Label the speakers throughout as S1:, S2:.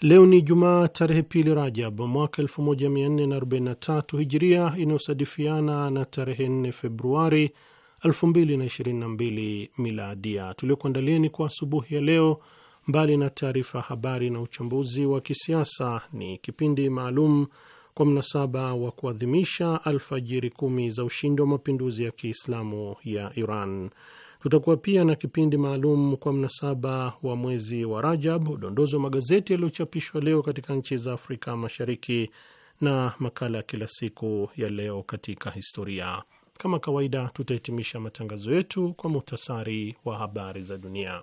S1: Leo ni Jumaa tarehe pili Rajab mwaka 1443 Hijiria, inayosadifiana na tarehe 4 Februari 2022 Miladia. Tuliokuandalieni kwa asubuhi ya leo, mbali na taarifa habari na uchambuzi wa kisiasa, ni kipindi maalum kwa mnasaba wa kuadhimisha alfajiri kumi za ushindi wa mapinduzi ya Kiislamu ya Iran. Tutakuwa pia na kipindi maalum kwa mnasaba wa mwezi wa Rajab, udondozi wa magazeti yaliyochapishwa leo katika nchi za Afrika Mashariki na makala ya kila siku ya leo katika historia. Kama kawaida, tutahitimisha matangazo yetu kwa muhtasari wa habari za dunia.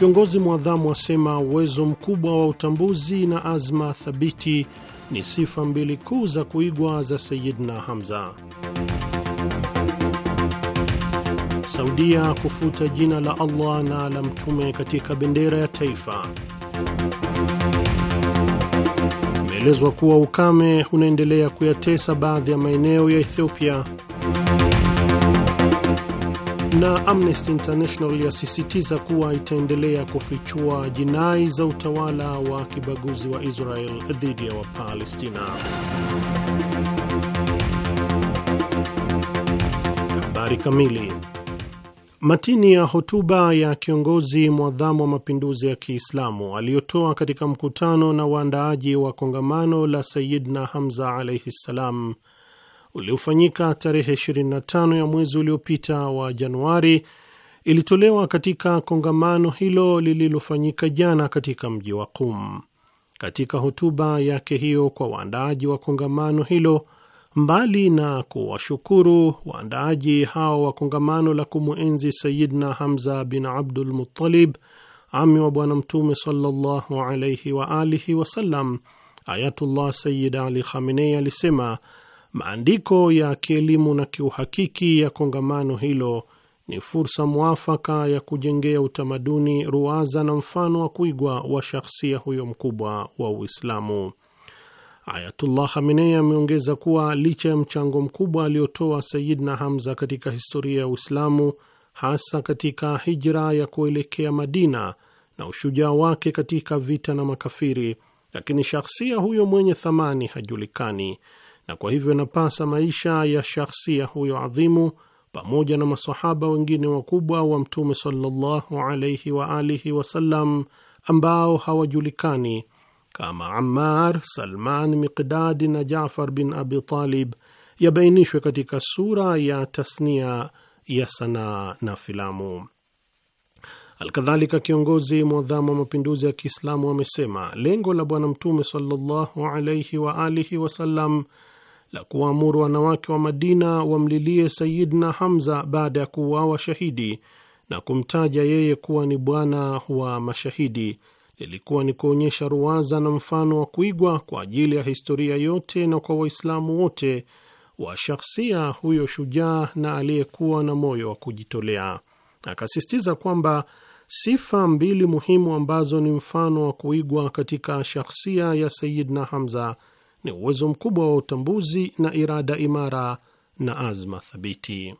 S1: Kiongozi mwadhamu asema uwezo mkubwa wa utambuzi na azma thabiti ni sifa mbili kuu za kuigwa za Sayidna Hamza. Saudia kufuta jina la Allah na la Mtume katika bendera ya taifa. Imeelezwa kuwa ukame unaendelea kuyatesa baadhi ya maeneo ya Ethiopia na Amnesty International yasisitiza kuwa itaendelea kufichua jinai za utawala wa kibaguzi wa Israel dhidi ya Wapalestina. Habari kamili. Matini ya hotuba ya kiongozi mwadhamu wa mapinduzi ya Kiislamu aliyotoa katika mkutano na waandaaji wa kongamano la Sayidna Hamza alaihi ssalam uliofanyika tarehe 25 ya mwezi uliopita wa Januari ilitolewa katika kongamano hilo lililofanyika jana katika mji wa Qum. Katika hotuba yake hiyo kwa waandaaji wa kongamano hilo, mbali na kuwashukuru waandaaji hao wa kongamano la kumwenzi Sayidna Hamza bin Abdul Muttalib, ami wa Bwana Mtume sallallahu alaihi wa alihi wasallam, Ayatullah Sayid Ali Khamenei alisema Maandiko ya kielimu na kiuhakiki ya kongamano hilo ni fursa mwafaka ya kujengea utamaduni, ruwaza na mfano wa kuigwa wa shakhsia huyo mkubwa wa Uislamu. Ayatullah Khamenei ameongeza kuwa licha ya mchango mkubwa aliotoa Sayidna Hamza katika historia ya Uislamu, hasa katika hijra ya kuelekea Madina na ushujaa wake katika vita na makafiri, lakini shahsia huyo mwenye thamani hajulikani na kwa hivyo inapasa maisha ya shahsia huyo adhimu pamoja na masahaba wengine wakubwa wa Mtume sallallahu alaihi wa alihi wasallam ambao hawajulikani kama Ammar, Salman, Miqdadi na Jafar bin Abi Talib yabainishwe katika sura ya tasnia ya sanaa na filamu. Alkadhalika, kiongozi mwadhamu wa mapinduzi ya Kiislamu amesema lengo la Bwana Mtume sallallahu alaihi wa alihi wasallam la kuwaamuru wanawake wa Madina wamlilie Sayidna Hamza baada ya kuuawa shahidi na kumtaja yeye kuwa ni bwana wa mashahidi lilikuwa ni kuonyesha ruwaza na mfano wa kuigwa kwa ajili ya historia yote na kwa Waislamu wote wa shakhsia huyo shujaa na aliyekuwa na moyo wa kujitolea. Akasisitiza kwamba sifa mbili muhimu ambazo ni mfano wa kuigwa katika shakhsia ya Sayidna Hamza ni uwezo mkubwa wa utambuzi na irada imara na azma thabiti.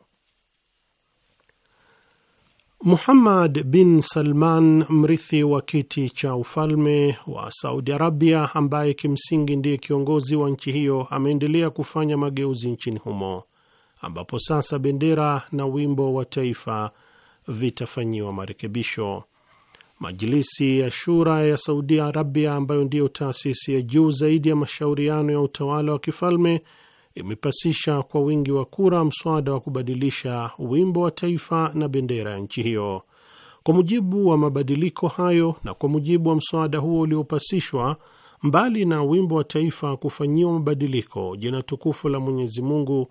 S1: Muhammad bin Salman, mrithi wa kiti cha ufalme wa Saudi Arabia, ambaye kimsingi ndiye kiongozi wa nchi hiyo, ameendelea kufanya mageuzi nchini humo, ambapo sasa bendera na wimbo wa taifa vitafanyiwa marekebisho. Majilisi ya Shura ya Saudi Arabia, ambayo ndiyo taasisi ya juu zaidi ya mashauriano ya utawala wa kifalme, imepasisha kwa wingi wa kura mswada wa kubadilisha wimbo wa taifa na bendera ya nchi hiyo. Kwa mujibu wa mabadiliko hayo na kwa mujibu wa mswada huo uliopasishwa, mbali na wimbo wa taifa kufanyiwa mabadiliko, jina tukufu la Mwenyezi Mungu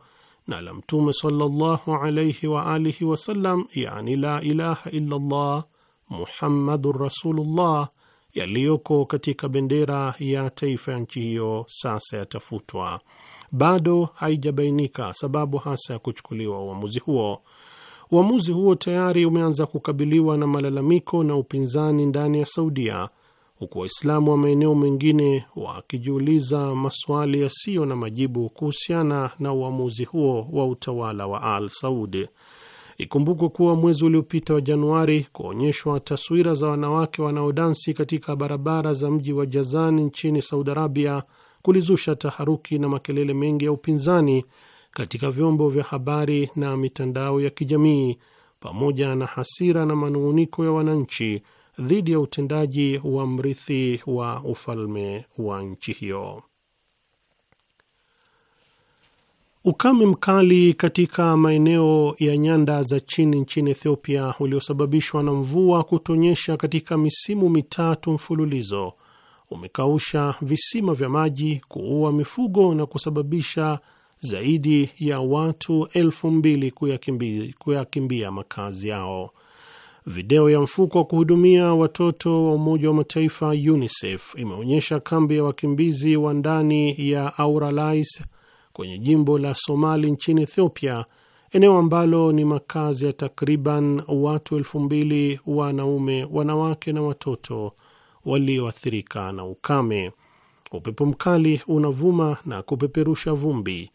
S1: na la Mtume sallallahu alaihi wa alihi wasallam, yani la ilaha illallah Muhammadun Rasulullah yaliyoko katika bendera ya taifa ya nchi hiyo sasa yatafutwa. Bado haijabainika sababu hasa ya kuchukuliwa uamuzi huo. Uamuzi huo tayari umeanza kukabiliwa na malalamiko na upinzani ndani ya Saudia, huku Waislamu wa maeneo mengine wakijiuliza maswali yasiyo na majibu kuhusiana na uamuzi huo wa utawala wa Al Saud. Ikumbukwe kuwa mwezi uliopita wa Januari kuonyeshwa taswira za wanawake wanaodansi katika barabara za mji wa Jazan nchini Saudi Arabia kulizusha taharuki na makelele mengi ya upinzani katika vyombo vya habari na mitandao ya kijamii pamoja na hasira na manung'uniko ya wananchi dhidi ya utendaji wa mrithi wa ufalme wa nchi hiyo. Ukame mkali katika maeneo ya nyanda za chini nchini Ethiopia uliosababishwa na mvua kutonyesha katika misimu mitatu mfululizo umekausha visima vya maji, kuua mifugo na kusababisha zaidi ya watu elfu mbili kuyakimbia, kuyakimbia makazi yao. Video ya mfuko wa kuhudumia watoto wa Umoja wa Mataifa UNICEF imeonyesha kambi ya wakimbizi wa ndani ya Auralais kwenye jimbo la Somali nchini Ethiopia, eneo ambalo ni makazi ya takriban watu elfu mbili wanaume, wanawake na watoto walioathirika na ukame. Upepo mkali unavuma na kupeperusha vumbi.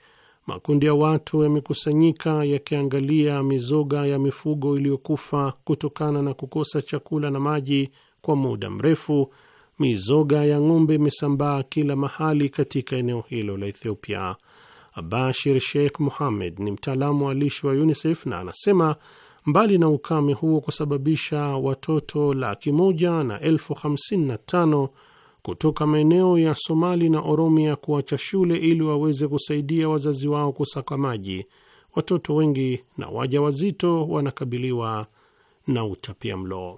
S1: Makundi ya watu yamekusanyika yakiangalia mizoga ya mifugo iliyokufa kutokana na kukosa chakula na maji kwa muda mrefu. Mizoga ya ng'ombe imesambaa kila mahali katika eneo hilo la Ethiopia. Bashir Sheikh Muhammed ni mtaalamu wa lishe wa UNICEF na anasema mbali na ukame huo kusababisha watoto laki moja na elfu hamsini na tano kutoka maeneo ya Somali na Oromia kuacha shule ili waweze kusaidia wazazi wao kusaka maji, watoto wengi na waja wazito wanakabiliwa na utapia mloo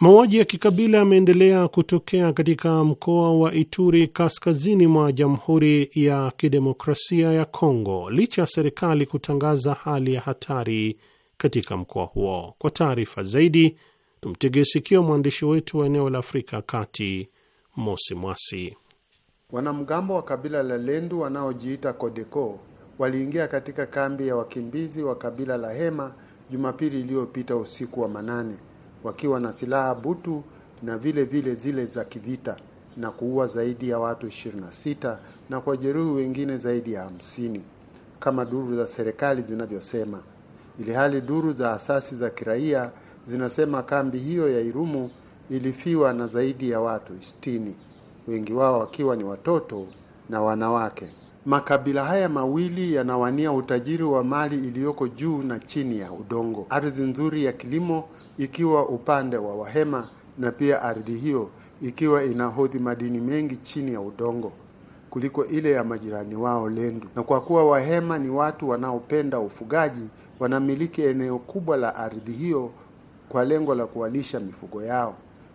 S1: Mauaji ya kikabila yameendelea kutokea katika mkoa wa Ituri kaskazini mwa Jamhuri ya Kidemokrasia ya Kongo licha ya serikali kutangaza hali ya hatari katika mkoa huo. Kwa taarifa zaidi, tumtegee sikio mwandishi wetu wa eneo la Afrika Kati, Mosi Mwasi.
S2: Wanamgambo wa kabila la Lendu wanaojiita Kodeko waliingia katika kambi ya wakimbizi wa kabila la Hema Jumapili iliyopita usiku wa manane wakiwa na silaha butu na vile vile zile za kivita na kuua zaidi ya watu 26 na kujeruhi wengine zaidi ya hamsini kama duru za serikali zinavyosema, ili hali duru za asasi za kiraia zinasema kambi hiyo ya Irumu ilifiwa na zaidi ya watu 60, wengi wao wakiwa ni watoto na wanawake. Makabila haya mawili yanawania utajiri wa mali iliyoko juu na chini ya udongo, ardhi nzuri ya kilimo ikiwa upande wa Wahema na pia ardhi hiyo ikiwa inahodhi madini mengi chini ya udongo kuliko ile ya majirani wao Lendu. Na kwa kuwa Wahema ni watu wanaopenda ufugaji, wanamiliki eneo kubwa la ardhi hiyo kwa lengo la kuwalisha mifugo yao,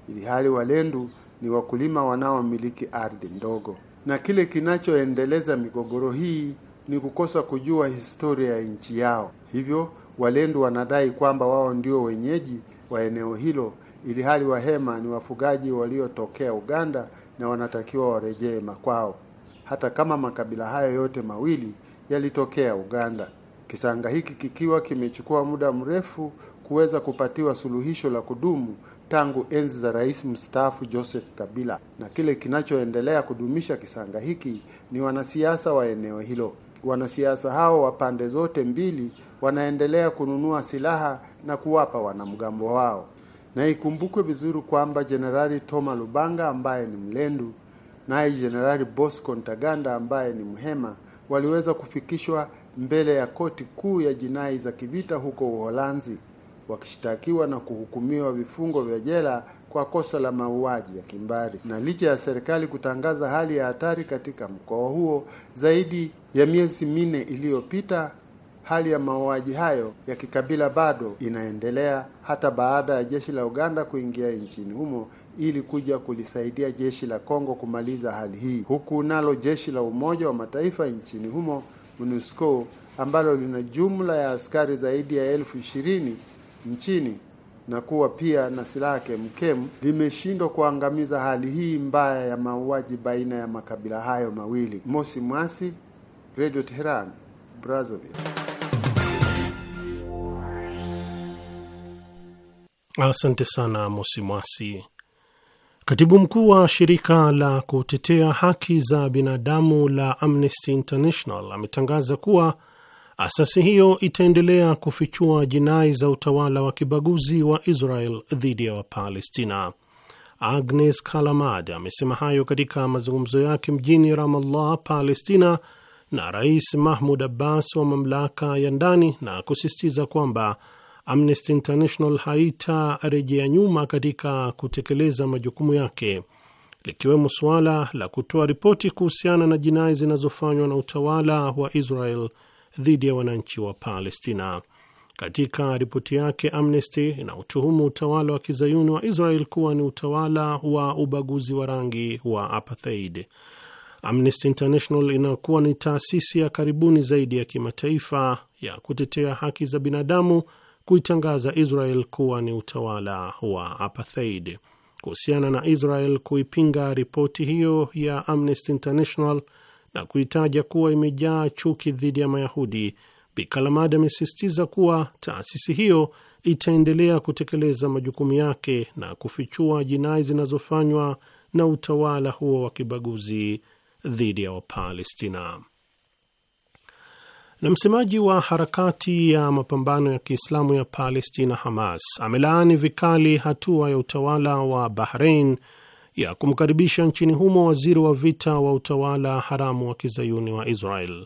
S2: ili hali Walendu ni wakulima wanaomiliki ardhi ndogo na kile kinachoendeleza migogoro hii ni kukosa kujua historia ya nchi yao. Hivyo Walendu wanadai kwamba wao ndio wenyeji wa eneo hilo, ili hali Wahema ni wafugaji waliotokea Uganda na wanatakiwa warejee makwao, hata kama makabila hayo yote mawili yalitokea Uganda. Kisanga hiki kikiwa kimechukua muda mrefu kuweza kupatiwa suluhisho la kudumu tangu enzi za rais mstaafu Joseph Kabila, na kile kinachoendelea kudumisha kisanga hiki ni wanasiasa wa eneo hilo. Wanasiasa hao wa pande zote mbili wanaendelea kununua silaha na kuwapa wanamgambo wao, na ikumbukwe vizuri kwamba Jenerali Toma Lubanga ambaye ni Mlendu naye Jenerali Bosco Ntaganda ambaye ni Mhema waliweza kufikishwa mbele ya koti kuu ya jinai za kivita huko Uholanzi wakishtakiwa na kuhukumiwa vifungo vya jela kwa kosa la mauaji ya kimbari. Na licha ya serikali kutangaza hali ya hatari katika mkoa huo zaidi ya miezi minne iliyopita, hali ya mauaji hayo ya kikabila bado inaendelea hata baada ya jeshi la Uganda kuingia nchini humo ili kuja kulisaidia jeshi la Kongo kumaliza hali hii, huku nalo jeshi la Umoja wa Mataifa nchini humo MONUSCO ambalo lina jumla ya askari zaidi ya elfu ishirini nchini na kuwa pia na silaha kemkem vimeshindwa kuangamiza hali hii mbaya ya mauaji baina ya makabila hayo mawili. Mosi Mwasi, Radio Tehran, Brazzaville.
S1: Asante sana Mosi Mwasi. Katibu mkuu wa shirika la kutetea haki za binadamu la Amnesty International ametangaza kuwa Asasi hiyo itaendelea kufichua jinai za utawala wa kibaguzi wa Israel dhidi ya Wapalestina. Agnes Kalamad amesema hayo katika mazungumzo yake mjini Ramallah, Palestina, na Rais Mahmud Abbas wa mamlaka ya ndani na kusisitiza kwamba Amnesty International haitarejea nyuma katika kutekeleza majukumu yake likiwemo suala la kutoa ripoti kuhusiana na jinai zinazofanywa na utawala wa Israel dhidi ya wananchi wa Palestina. Katika ripoti yake, Amnesty inautuhumu utawala wa kizayuni wa Israel kuwa ni utawala wa ubaguzi wa rangi wa apartheid. Amnesty International inakuwa ni taasisi ya karibuni zaidi ya kimataifa ya kutetea haki za binadamu kuitangaza Israel kuwa ni utawala wa apartheid. Kuhusiana na Israel kuipinga ripoti hiyo ya Amnesty International, na kuitaja kuwa imejaa chuki dhidi ya Mayahudi, Bikalamad amesisitiza kuwa taasisi hiyo itaendelea kutekeleza majukumu yake na kufichua jinai zinazofanywa na utawala huo wa kibaguzi dhidi ya Wapalestina. Na msemaji wa harakati ya mapambano ya Kiislamu ya Palestina, Hamas, amelaani vikali hatua ya utawala wa bahrein ya kumkaribisha nchini humo waziri wa vita wa utawala haramu wa kizayuni wa Israel.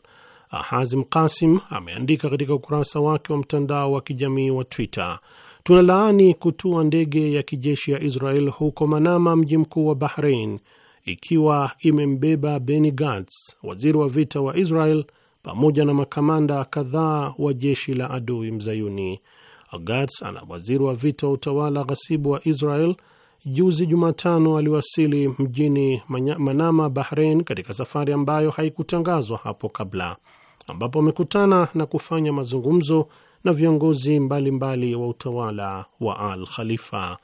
S1: Hazim Kasim ameandika katika ukurasa wake wa mtandao wa kijamii wa Twitter, tunalaani kutua ndege ya kijeshi ya Israel huko Manama, mji mkuu wa bahrein ikiwa imembeba Beni Gantz, waziri wa vita wa Israel, pamoja na makamanda kadhaa wa jeshi la adui mzayuni. Gantz ana waziri wa vita wa utawala ghasibu wa Israel juzi Jumatano aliwasili mjini Manama, Bahrein, katika safari ambayo haikutangazwa hapo kabla, ambapo amekutana na kufanya mazungumzo na viongozi mbalimbali mbali wa utawala wa Al Khalifa.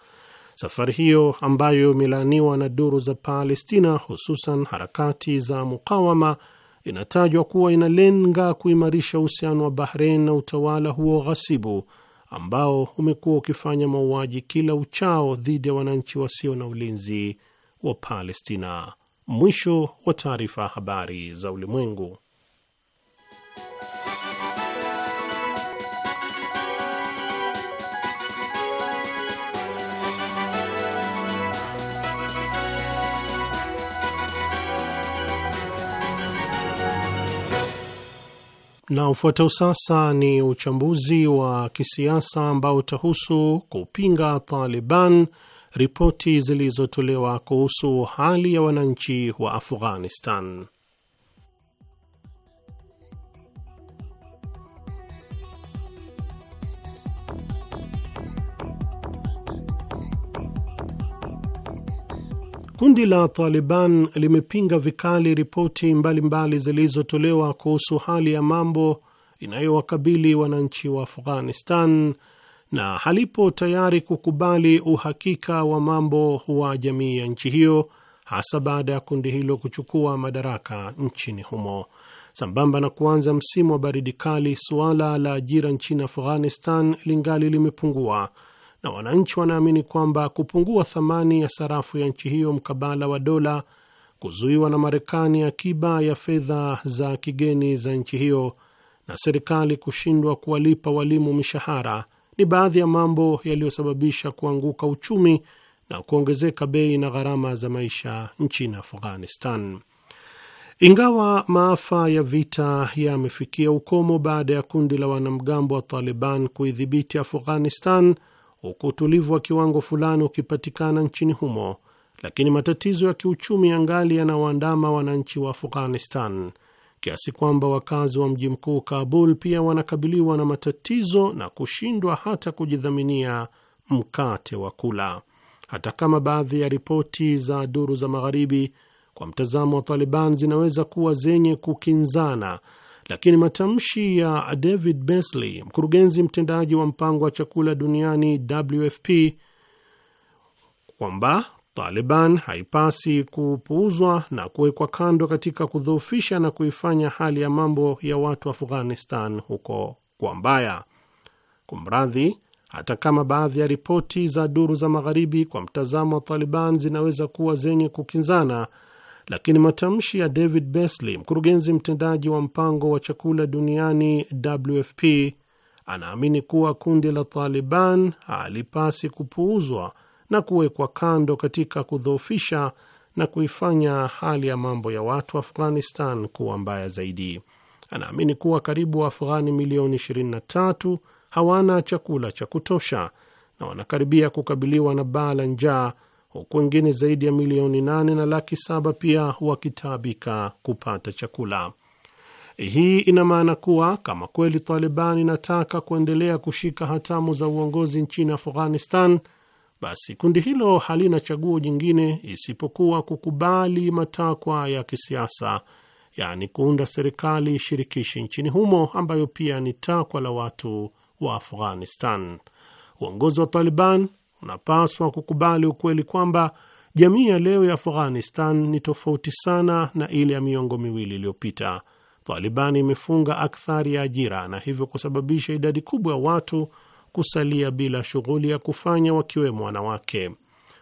S1: Safari hiyo ambayo imelaaniwa na duru za Palestina, hususan harakati za mukawama, inatajwa kuwa inalenga kuimarisha uhusiano wa Bahrein na utawala huo ghasibu ambao umekuwa ukifanya mauaji kila uchao dhidi ya wananchi wasio na ulinzi wa Palestina. Mwisho wa taarifa. Habari za Ulimwengu. Na ufuatao sasa ni uchambuzi wa kisiasa ambao utahusu kupinga Taliban, ripoti zilizotolewa kuhusu hali ya wananchi wa Afghanistan. Kundi la Taliban limepinga vikali ripoti mbalimbali zilizotolewa kuhusu hali ya mambo inayowakabili wananchi wa Afghanistan na halipo tayari kukubali uhakika wa mambo wa jamii ya nchi hiyo, hasa baada ya kundi hilo kuchukua madaraka nchini humo. Sambamba na kuanza msimu wa baridi kali, suala la ajira nchini Afghanistan lingali limepungua na wananchi wanaamini kwamba kupungua thamani ya sarafu ya nchi hiyo mkabala wa dola, kuzuiwa na Marekani akiba ya fedha za kigeni za nchi hiyo na serikali kushindwa kuwalipa walimu mishahara ni baadhi ya mambo yaliyosababisha kuanguka uchumi na kuongezeka bei na gharama za maisha nchini Afghanistan. Ingawa maafa ya vita yamefikia ukomo baada ya kundi la wanamgambo wa Taliban kuidhibiti Afghanistan, huku utulivu wa kiwango fulani ukipatikana nchini humo, lakini matatizo ya kiuchumi yangali yanawaandama wananchi wa Afghanistan kiasi kwamba wakazi wa mji mkuu Kabul pia wanakabiliwa na matatizo na kushindwa hata kujidhaminia mkate wa kula. Hata kama baadhi ya ripoti za duru za magharibi kwa mtazamo wa Taliban zinaweza kuwa zenye kukinzana lakini matamshi ya David Beasley, mkurugenzi mtendaji wa mpango wa chakula duniani WFP, kwamba Taliban haipasi kupuuzwa na kuwekwa kando katika kudhoofisha na kuifanya hali ya mambo ya watu Afghanistan huko kwa mbaya. Kumradhi, hata kama baadhi ya ripoti za duru za magharibi kwa mtazamo wa Taliban zinaweza kuwa zenye kukinzana lakini matamshi ya David Beasley, mkurugenzi mtendaji wa mpango wa chakula duniani WFP, anaamini kuwa kundi la Taliban halipasi kupuuzwa na kuwekwa kando katika kudhoofisha na kuifanya hali ya mambo ya watu Afghanistan kuwa mbaya zaidi. Anaamini kuwa karibu Waafghani milioni 23 hawana chakula cha kutosha na wanakaribia kukabiliwa na baa la njaa huku wengine zaidi ya milioni nane na laki saba pia wakitaabika kupata chakula. Hii ina maana kuwa kama kweli Taliban inataka kuendelea kushika hatamu za uongozi nchini Afghanistan, basi kundi hilo halina chaguo jingine isipokuwa kukubali matakwa ya kisiasa, yaani kuunda serikali shirikishi nchini humo, ambayo pia ni takwa la watu wa Afghanistan. Uongozi wa Taliban unapaswa kukubali ukweli kwamba jamii ya leo ya Afghanistan ni tofauti sana na ile ya miongo miwili iliyopita. Taliban imefunga akthari ya ajira na hivyo kusababisha idadi kubwa ya watu kusalia bila shughuli ya kufanya, wakiwemo wanawake.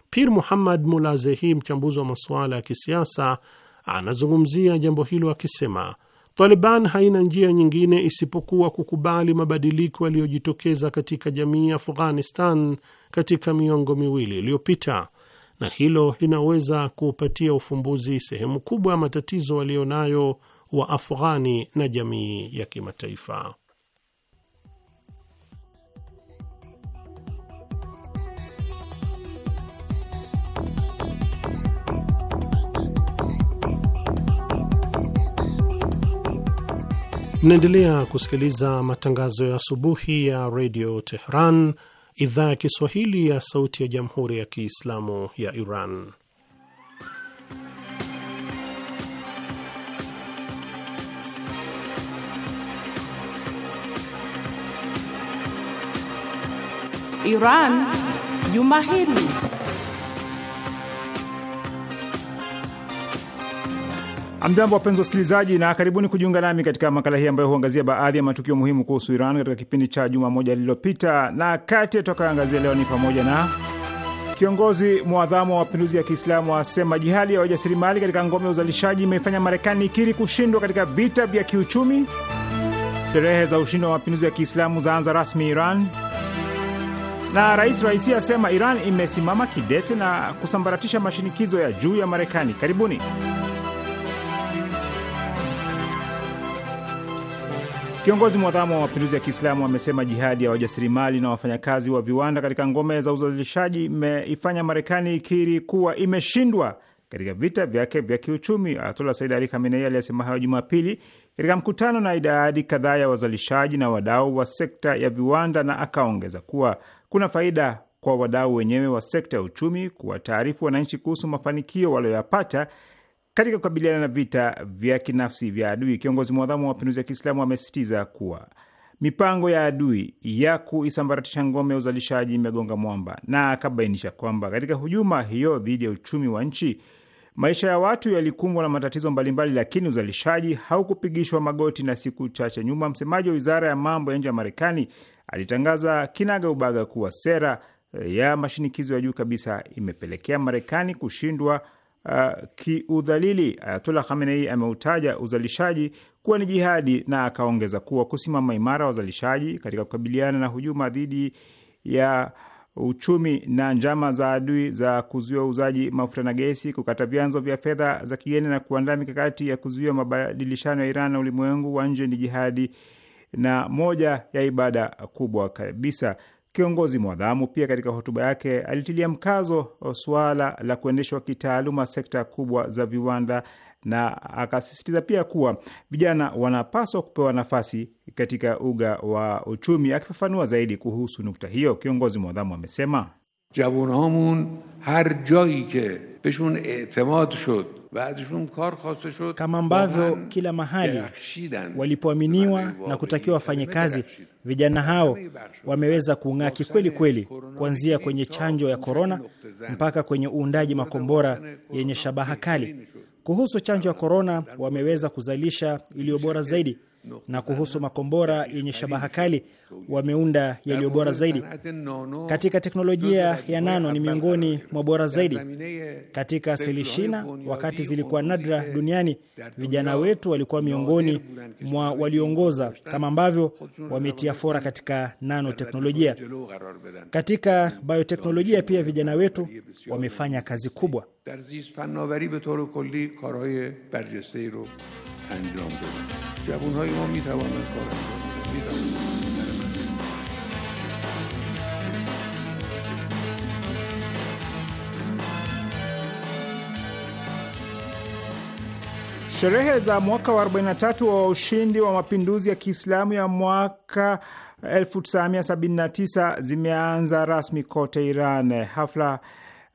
S1: Pir Muhammad Mulazehi, mchambuzi wa masuala ya kisiasa, anazungumzia jambo hilo akisema, Taliban haina njia nyingine isipokuwa kukubali mabadiliko yaliyojitokeza katika jamii ya Afghanistan katika miongo miwili iliyopita, na hilo linaweza kupatia ufumbuzi sehemu kubwa ya matatizo walionayo wa Afghani na jamii ya kimataifa. Mnaendelea kusikiliza matangazo ya asubuhi ya redio Tehran, idhaa ya Kiswahili ya Sauti ya Jamhuri ya Kiislamu ya Iran.
S3: Iran Juma Hili.
S4: Amjambo, wapenzi wasikilizaji, na karibuni kujiunga nami katika makala hii ambayo huangazia baadhi ya matukio muhimu kuhusu Iran katika kipindi cha juma moja lililopita, na kati ya tutakayoangazia leo ni pamoja na kiongozi mwadhamu wa mapinduzi ya Kiislamu asema jihadi ya wajasirimali katika ngome ya uzalishaji imeifanya Marekani ikiri kushindwa katika vita vya kiuchumi; sherehe za ushindi wa mapinduzi ya Kiislamu zaanza rasmi Iran; na Rais Raisi asema Iran imesimama kidete na kusambaratisha mashinikizo ya juu ya Marekani. Karibuni. Kiongozi mwadhamu wa mapinduzi ya Kiislamu amesema jihadi ya wajasirimali na wafanyakazi wa viwanda katika ngome za uzalishaji imeifanya Marekani ikiri kuwa imeshindwa katika vita vyake vya kiuchumi. Ayatullah Said Ali Khamenei aliyesema hayo Jumapili katika mkutano na idadi kadhaa ya wazalishaji na wadau wa sekta ya viwanda, na akaongeza kuwa kuna faida kwa wadau wenyewe wa sekta ya uchumi kuwataarifu wananchi kuhusu mafanikio walioyapata katika kukabiliana na vita vya kinafsi vya adui, kiongozi mwadhamu wa mapinduzi ya Kiislamu amesisitiza kuwa mipango ya adui ya kuisambaratisha ngome ya uzalishaji imegonga mwamba, na akabainisha kwamba katika hujuma hiyo dhidi ya uchumi wa nchi, maisha ya watu yalikumbwa na matatizo mbalimbali, lakini uzalishaji haukupigishwa magoti. Na siku chache nyuma, msemaji wa wizara ya mambo ya nje ya Marekani alitangaza kinaga ubaga kuwa sera ya mashinikizo ya juu kabisa imepelekea Marekani kushindwa uh, kiudhalili. Ayatullah Khamenei ameutaja uzalishaji kuwa ni jihadi na akaongeza kuwa kusimama imara wazalishaji katika kukabiliana na hujuma dhidi ya uchumi na njama za adui za kuzuia uuzaji mafuta na gesi, kukata vyanzo vya fedha za kigeni na kuandaa mikakati ya kuzuia mabadilishano ya Iran na ulimwengu wa nje ni jihadi na moja ya ibada kubwa kabisa. Kiongozi mwadhamu pia katika hotuba yake alitilia mkazo suala la kuendeshwa kitaaluma sekta kubwa za viwanda na akasisitiza pia kuwa vijana wanapaswa kupewa nafasi katika uga wa uchumi. Akifafanua zaidi kuhusu nukta hiyo, kiongozi mwadhamu amesema javunhamun har
S2: jai ke beshun etemad shod
S4: kama ambavyo
S5: kila mahali walipoaminiwa na kutakiwa wafanye kazi, vijana hao wameweza kung'aa kikweli kweli, kuanzia kwenye chanjo ya korona mpaka kwenye uundaji makombora yenye shabaha kali. Kuhusu chanjo ya korona, wameweza kuzalisha iliyo bora zaidi na kuhusu makombora yenye shabaha kali wameunda yaliyo bora zaidi. Katika teknolojia ya nano ni miongoni mwa bora zaidi katika asili shina. Wakati zilikuwa nadra duniani, vijana wetu walikuwa miongoni mwa waliongoza, kama ambavyo wametia fora katika nano teknolojia Katika bioteknolojia pia vijana wetu wamefanya
S4: kazi kubwa.
S2: در زیست فناوری به طور کلی کارهای برجسته ای رو انجام جوان های ما می توانند کار
S4: Sherehe za mwaka wa 43 wa ushindi wa mapinduzi ya Kiislamu ya mwaka 1979 zimeanza rasmi kote Iran. Hafla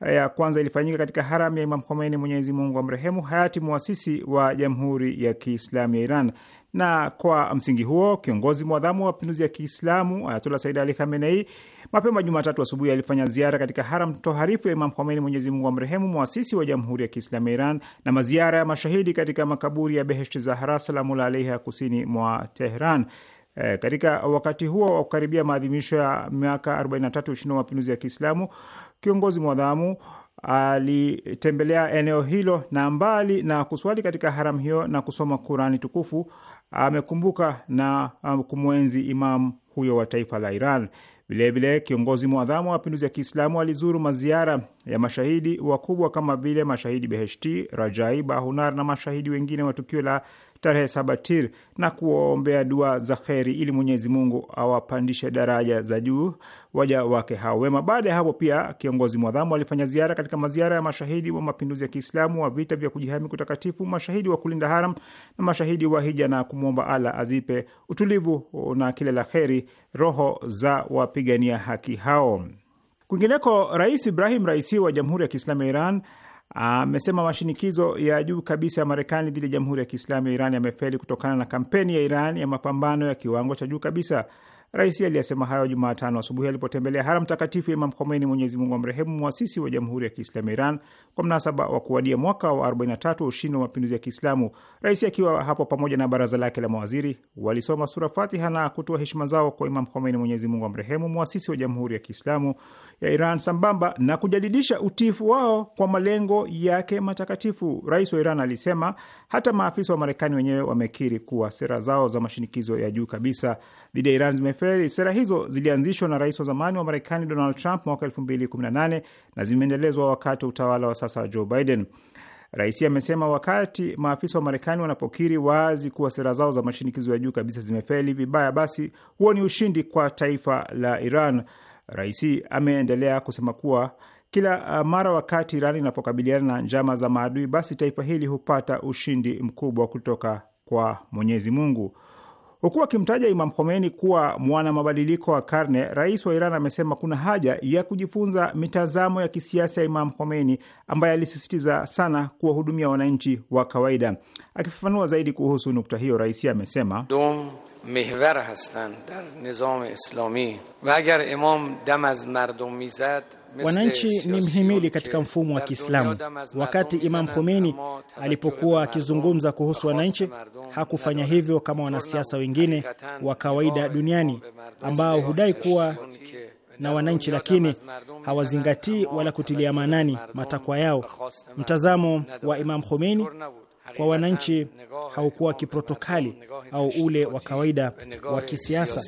S4: Eh, ya kwanza ilifanyika katika haram ya Imam Khomeini, Mwenyezi Mungu amrehemu, hayati mwasisi wa Jamhuri ya Kiislamu ya Iran. Na kwa msingi huo kiongozi mwadhamu wa mapinduzi ya Kiislamu Ayatullah Said Ali Khamenei mapema Jumatatu asubuhi alifanya ziara katika haram toharifu ya Imam Khomeini, Mwenyezi Mungu amrehemu, mwasisi wa Jamhuri ya Kiislamu ya Iran, na maziara ya mashahidi katika makaburi ya Beheshti Zahra salamullah alaiha kusini mwa Tehran. E, katika wakati huo wa kukaribia maadhimisho ya miaka 43 ushindi wa mapinduzi ya Kiislamu, kiongozi mwadhamu alitembelea eneo hilo na mbali na kuswali katika haram hiyo na kusoma Kurani tukufu amekumbuka na kumwenzi imam huyo wa taifa la Iran. Vilevile, kiongozi mwadhamu wa mapinduzi ya Kiislamu alizuru maziara ya mashahidi wakubwa kama vile mashahidi Beheshti, Rajai, Bahunar na mashahidi wengine wa tukio la tarehe saba Tir na kuwaombea dua za kheri ili Mwenyezi Mungu awapandishe daraja za juu waja wake hao wema. Baada ya hapo pia kiongozi mwadhamu alifanya ziara katika maziara ya mashahidi wa mapinduzi ya Kiislamu, wa vita vya kujihami kutakatifu, mashahidi wa kulinda haram na mashahidi wa hija, na kumwomba ala azipe utulivu na kile la kheri roho za wapigania haki hao. Kwingineko, Rais Ibrahim Raisi wa Jamhuri ya Kiislamu ya Iran amesema mashinikizo ya juu kabisa ya Marekani dhidi ya Jamhuri ya Kiislamu ya Iran yamefeli kutokana na kampeni ya Iran ya mapambano ya kiwango cha juu kabisa. Rais aliyesema hayo Jumatano asubuhi alipotembelea haram takatifu ya Imam Khomeini, Mwenyezi Mungu amrehemu, mwasisi wa Jamhuri ya Kiislamu ya Iran, kwa mnasaba wa kuwadia mwaka wa 43 wa ushindi wa mapinduzi ya Kiislamu. Rais akiwa hapo pamoja na baraza lake la mawaziri walisoma sura Fatiha na kutoa heshima zao kwa Imam Khomeini, Mwenyezi Mungu amrehemu, mwasisi wa Jamhuri ya Kiislamu ya Iran, sambamba na kujadidisha utiifu wao kwa malengo yake matakatifu. Rais wa Iran alisema hata maafisa wa Marekani wenyewe wamekiri kuwa sera zao za mashinikizo ya juu kabisa dhidi ya Iran zime imefeli. Sera hizo zilianzishwa na rais wa zamani wa Marekani Donald Trump mwaka 2018 na zimeendelezwa wakati wa utawala wa sasa wa Joe Biden. Rais amesema wakati maafisa wa Marekani wanapokiri wazi kuwa sera zao za mashinikizo ya juu kabisa zimefeli vibaya, basi huo ni ushindi kwa taifa la Iran. Rais ameendelea kusema kuwa kila uh, mara wakati Iran inapokabiliana na njama za maadui, basi taifa hili hupata ushindi mkubwa kutoka kwa Mwenyezi Mungu. Huku akimtaja Imam Khomeini kuwa mwana mabadiliko wa karne, rais wa Iran amesema kuna haja ya kujifunza mitazamo ya kisiasa ya Imam Khomeini ambaye alisisitiza sana kuwahudumia wananchi wa kawaida. Akifafanua zaidi kuhusu nukta hiyo, rais amesema
S6: محور هستند در نظام اسلامی و اگر امام دم از مردم میزد Wananchi ni
S4: mhimili katika mfumo
S5: wa Kiislamu. Wakati Imam Khomeini alipokuwa akizungumza kuhusu wananchi, hakufanya hivyo kama wanasiasa wengine wa kawaida duniani ambao hudai kuwa na wananchi lakini hawazingatii wala kutilia maanani matakwa yao. Mtazamo wa Imam Khomeini kwa wananchi haukuwa kiprotokali au ule wa kawaida wa kisiasa.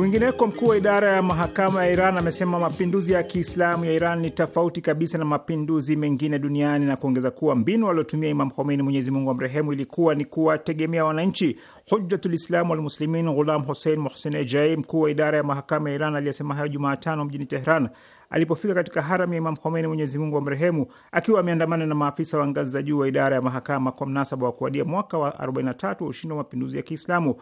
S4: Kwingineko, mkuu wa idara ya mahakama ya Iran amesema mapinduzi ya Kiislamu ya Iran ni tofauti kabisa na mapinduzi mengine duniani na kuongeza kuwa mbinu waliotumia Imam Khomeini, Mwenyezi Mungu amrehemu, ilikuwa ni kuwategemea wananchi. Hujjatul islamu walmuslimin Ghulam Hussein Mohsen Ejai, mkuu wa idara ya mahakama ya Iran, aliyesema hayo Jumatano mjini Tehran alipofika katika haram ya Imam Khomeini, Mwenyezi Mungu amrehemu, akiwa ameandamana na maafisa wa ngazi za juu wa idara ya mahakama kwa mnasaba wa kuadia mwaka wa 43 wa ushindi wa mapinduzi ya Kiislamu.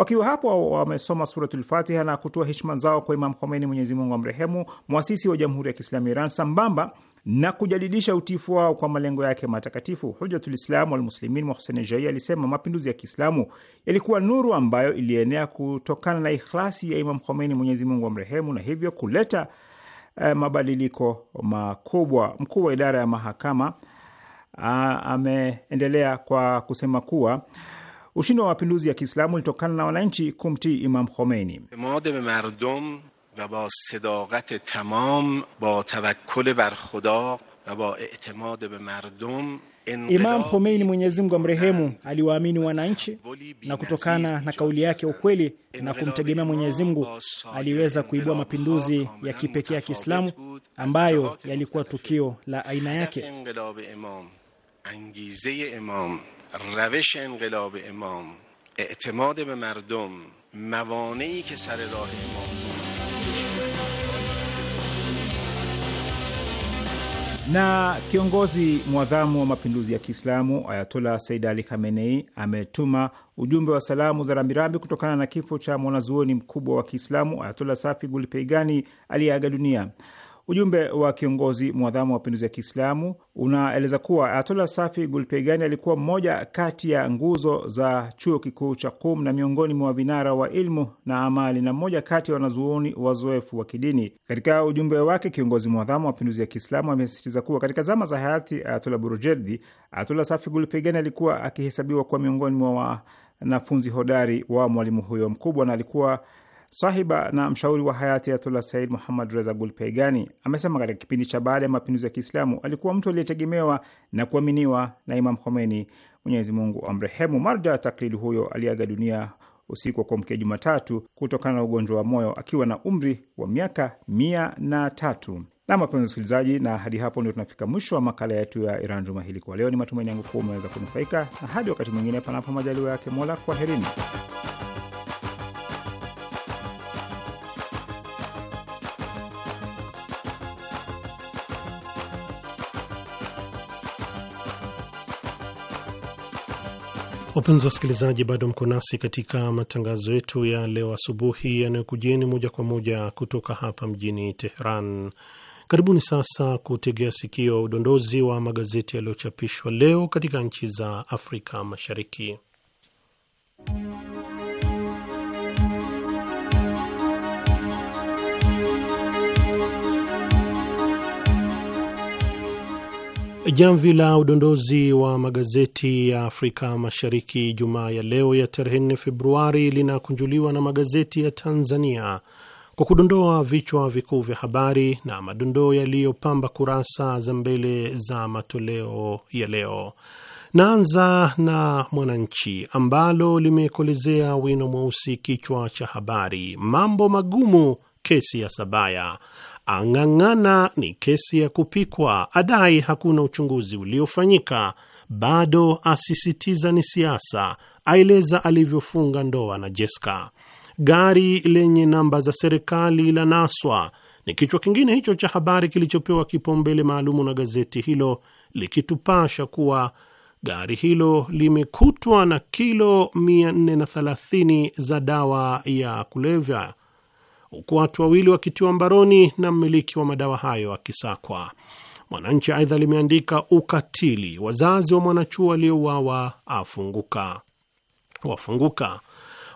S4: Wakiwa hapo wamesoma Suratul Fatiha na kutoa heshima zao kwa Imam Khomeini, Mwenyezi Mungu amrehemu, mwasisi wa Jamhuri ya Kiislamu ya Iran, sambamba na kujadilisha utifu wao kwa malengo yake matakatifu. Hujatul Islam Walmuslimin Mohsen Jai alisema mapinduzi ya Kiislamu yalikuwa nuru ambayo ilienea kutokana na ikhlasi ya Imam Khomeini, Mwenyezi Mungu amrehemu, na hivyo kuleta eh, mabadiliko makubwa. Mkuu wa idara ya mahakama ah, ameendelea kwa kusema kuwa Ushindi wa mapinduzi ya Kiislamu ulitokana na wananchi kumtii Imam Khomeini.
S7: Imam Khomeini,
S5: Mwenyezi Mungu amrehemu, aliwaamini wananchi na kutokana na kauli yake ya ukweli na kumtegemea Mwenyezi Mungu aliweza kuibua mapinduzi ya kipekee ya Kiislamu ambayo yalikuwa tukio la aina yake.
S7: روش انقلاب امام اعتماد به مردم موانعی که سر راه امام
S4: na kiongozi mwadhamu wa mapinduzi ya Kiislamu Ayatola Said Ali Khamenei ametuma ujumbe wa salamu za rambirambi kutokana na kifo cha mwanazuoni mkubwa wa Kiislamu Ayatola Safi Guli Peigani aliyeaga dunia. Ujumbe wa kiongozi mwadhamu wa mapinduzi ya Kiislamu unaeleza kuwa Ayatollah Safi Gulpegani alikuwa mmoja kati ya nguzo za chuo kikuu cha Qum na miongoni mwa vinara wa ilmu na amali na mmoja kati ya wanazuoni wazoefu wa kidini. Katika ujumbe wake, kiongozi mwadhamu wa mapinduzi ya Kiislamu amesisitiza kuwa katika zama za hayati Ayatollah Burujerdi, Ayatollah Safi Gulpegani alikuwa akihesabiwa kuwa miongoni mwa wanafunzi hodari wa mwalimu huyo mkubwa na alikuwa sahiba na mshauri wa hayati Ayatullah Said Muhammad Reza peigani amesema katika kipindi cha baada ya mapinduzi ya Kiislamu alikuwa mtu aliyetegemewa na kuaminiwa na Imam Khomeini, Mwenyezi Mungu amrehemu. Marja taklidi huyo aliaga dunia usiku wa kuamkia Jumatatu kutokana na ugonjwa wa moyo akiwa na umri wa miaka mia na tatu. Na mapenzi msikilizaji, na hadi hapo ndio tunafika mwisho wa makala yetu ya Iran juma hili kwa leo. Ni matumaini yangu kuwa umeweza kunufaika, na hadi wakati mwingine, panapo majaliwa yake Mola, kwaherini.
S1: Wapenzi wasikilizaji, bado mko nasi katika matangazo yetu ya leo asubuhi yanayokujieni moja kwa moja kutoka hapa mjini Teheran. Karibuni sasa kutegea sikio udondozi wa magazeti yaliyochapishwa leo katika nchi za Afrika Mashariki. jamvi la udondozi wa magazeti ya Afrika Mashariki Jumaa ya leo ya tarehe 4 Februari linakunjuliwa na magazeti ya Tanzania kwa kudondoa vichwa vikuu vya habari na madondoo yaliyopamba kurasa za mbele za matoleo ya leo. Naanza na Mwananchi ambalo limekolezea wino mweusi kichwa cha habari, mambo magumu kesi ya Sabaya ang'ang'ana ni kesi ya kupikwa, adai hakuna uchunguzi uliofanyika, bado asisitiza ni siasa, aeleza alivyofunga ndoa na Jeska. Gari lenye namba za serikali la naswa ni kichwa kingine hicho cha habari kilichopewa kipaumbele maalumu na gazeti hilo, likitupasha kuwa gari hilo limekutwa na kilo 430 za dawa ya kulevya huku watu wawili wakitiwa mbaroni na mmiliki wa madawa hayo akisakwa. Mwananchi aidha limeandika ukatili, wazazi wa mwanachuo waliouawa afunguka wafunguka.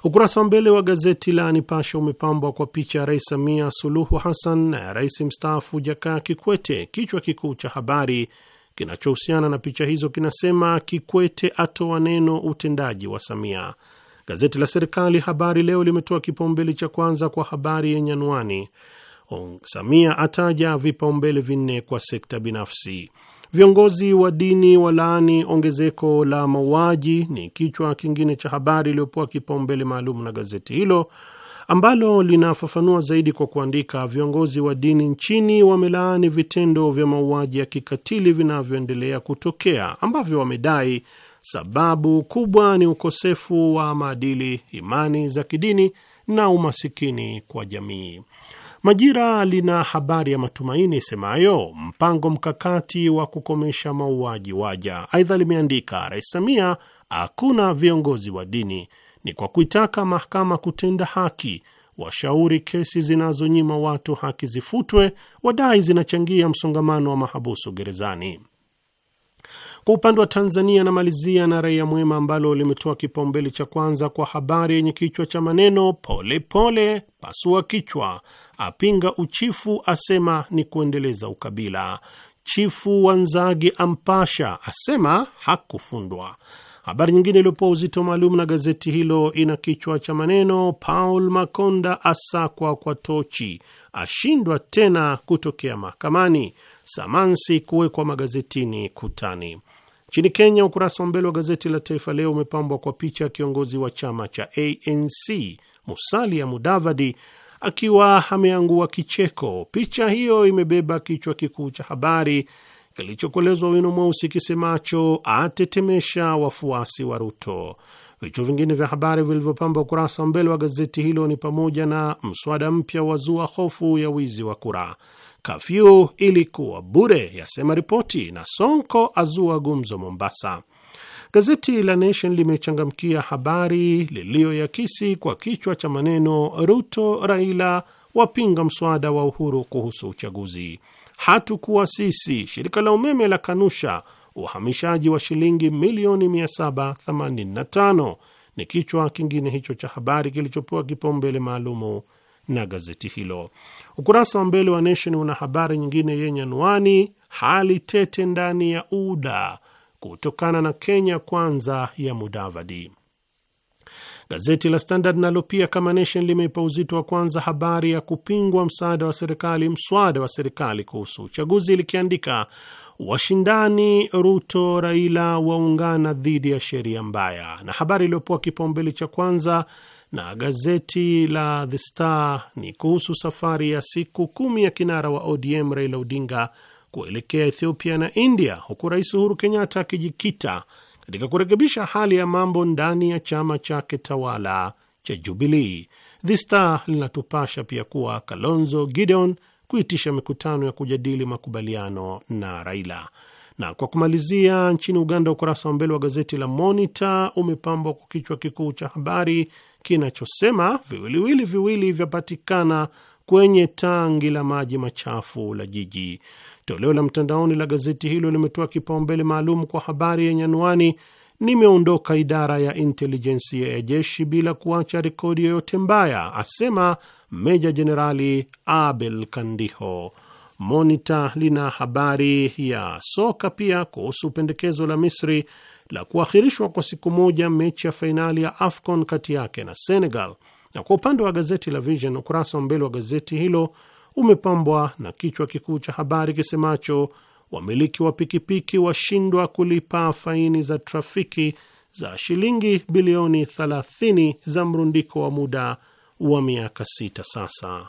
S1: Ukurasa wa mbele wa gazeti la Nipasha umepambwa kwa picha ya Rais Samia Suluhu Hassan na rais mstaafu Jakaya Kikwete. Kichwa kikuu cha habari kinachohusiana na picha hizo kinasema Kikwete atoa neno utendaji wa Samia. Gazeti la serikali Habari Leo limetoa kipaumbele cha kwanza kwa habari yenye anwani Samia ataja vipaumbele vinne kwa sekta binafsi. Viongozi wa dini walaani ongezeko la mauaji ni kichwa kingine cha habari iliyopewa kipaumbele maalum na gazeti hilo ambalo linafafanua zaidi kwa kuandika, viongozi wa dini nchini wamelaani vitendo vya mauaji ya kikatili vinavyoendelea kutokea ambavyo wamedai Sababu kubwa ni ukosefu wa maadili, imani za kidini na umasikini kwa jamii. Majira lina habari ya matumaini isemayo mpango mkakati wa kukomesha mauaji waja. Aidha limeandika Rais Samia hakuna viongozi wa dini, ni kwa kuitaka mahakama kutenda haki, washauri kesi zinazonyima watu haki zifutwe, wadai zinachangia msongamano wa mahabusu gerezani. Kwa upande wa Tanzania, namalizia na Raia Mwema ambalo limetoa kipaumbele cha kwanza kwa habari yenye kichwa cha maneno pole pole pasua kichwa, apinga uchifu, asema ni kuendeleza ukabila. Chifu Wanzagi ampasha, asema hakufundwa. Habari nyingine iliyopewa uzito maalum na gazeti hilo ina kichwa cha maneno Paul Makonda asakwa kwa tochi, ashindwa tena kutokea mahakamani, samansi kuwekwa magazetini kutani. Nchini Kenya, ukurasa wa mbele wa gazeti la Taifa Leo umepambwa kwa picha ya kiongozi wa chama cha ANC Musalia Mudavadi akiwa ameangua kicheko. Picha hiyo imebeba kichwa kikuu cha habari kilichokolezwa wino mweusi kisemacho atetemesha wafuasi wa Ruto. Vichwa vingine vya habari vilivyopamba ukurasa wa mbele wa gazeti hilo ni pamoja na mswada mpya wa zua hofu ya wizi wa kura Kafyu ilikuwa bure, yasema ripoti. Na Sonko azua gumzo Mombasa. Gazeti la Nation limechangamkia habari liliyoyakisi kwa kichwa cha maneno Ruto Raila wapinga mswada wa Uhuru kuhusu uchaguzi. Hatukuwa sisi, shirika la umeme la kanusha uhamishaji wa shilingi milioni 785 ni kichwa kingine hicho cha habari kilichopewa kipaumbele maalumu na gazeti hilo. Ukurasa wa mbele wa Nation una habari nyingine yenye anwani hali tete ndani ya UDA kutokana na Kenya kwanza ya Mudavadi. Gazeti la Standard nalo pia kama Nation limeipa uzito wa kwanza habari ya kupingwa msaada wa serikali, mswada wa serikali kuhusu uchaguzi likiandika, washindani Ruto Raila waungana dhidi ya sheria mbaya, na habari iliyopoa kipaumbele cha kwanza na gazeti la The Star ni kuhusu safari ya siku kumi ya kinara wa ODM Raila Odinga kuelekea Ethiopia na India, huku Rais Uhuru Kenyatta akijikita katika kurekebisha hali ya mambo ndani ya chama chake tawala cha Jubilee. The Star linatupasha pia kuwa Kalonzo Gideon kuitisha mikutano ya kujadili makubaliano na Raila. Na kwa kumalizia, nchini Uganda, ukurasa wa mbele wa gazeti la Monitor umepambwa kwa kichwa kikuu cha habari kinachosema viwiliwili viwili vyapatikana kwenye tangi la maji machafu la jiji. Toleo la mtandaoni la gazeti hilo limetoa kipaumbele maalum kwa habari yenye anwani nimeondoka idara ya intelijensia ya jeshi bila kuacha rekodi yoyote mbaya, asema meja jenerali Abel Kandiho. Monita lina habari ya soka pia kuhusu pendekezo la Misri la kuahirishwa kwa siku moja mechi ya fainali ya AFCON kati yake na Senegal. Na kwa upande wa gazeti la Vision, ukurasa wa mbele wa gazeti hilo umepambwa na kichwa kikuu cha habari kisemacho wamiliki wa pikipiki washindwa kulipa faini za trafiki za shilingi bilioni 30 za mrundiko wa muda wa miaka sita sasa.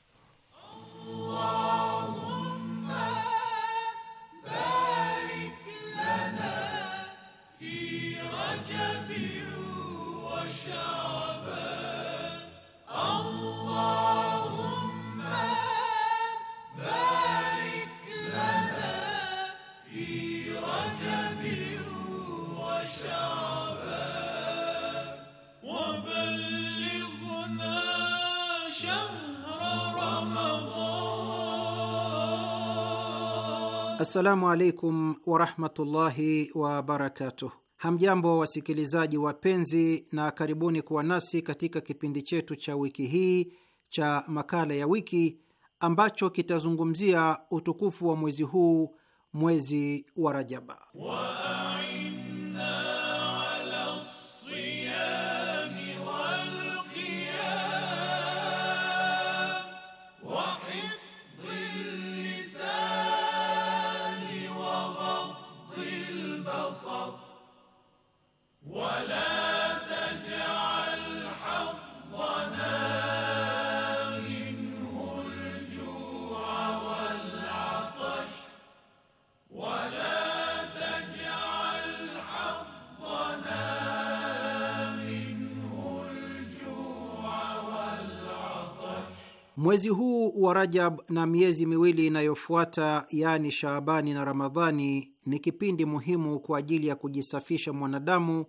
S3: Assalamu alaikum warahmatullahi wabarakatuh. Hamjambo wasikilizaji wapenzi, na karibuni kuwa nasi katika kipindi chetu cha wiki hii cha makala ya wiki ambacho kitazungumzia utukufu wa mwezi huu, mwezi wa Rajaba wa Mwezi huu wa Rajab na miezi miwili inayofuata, yaani Shaabani na Ramadhani, ni kipindi muhimu kwa ajili ya kujisafisha mwanadamu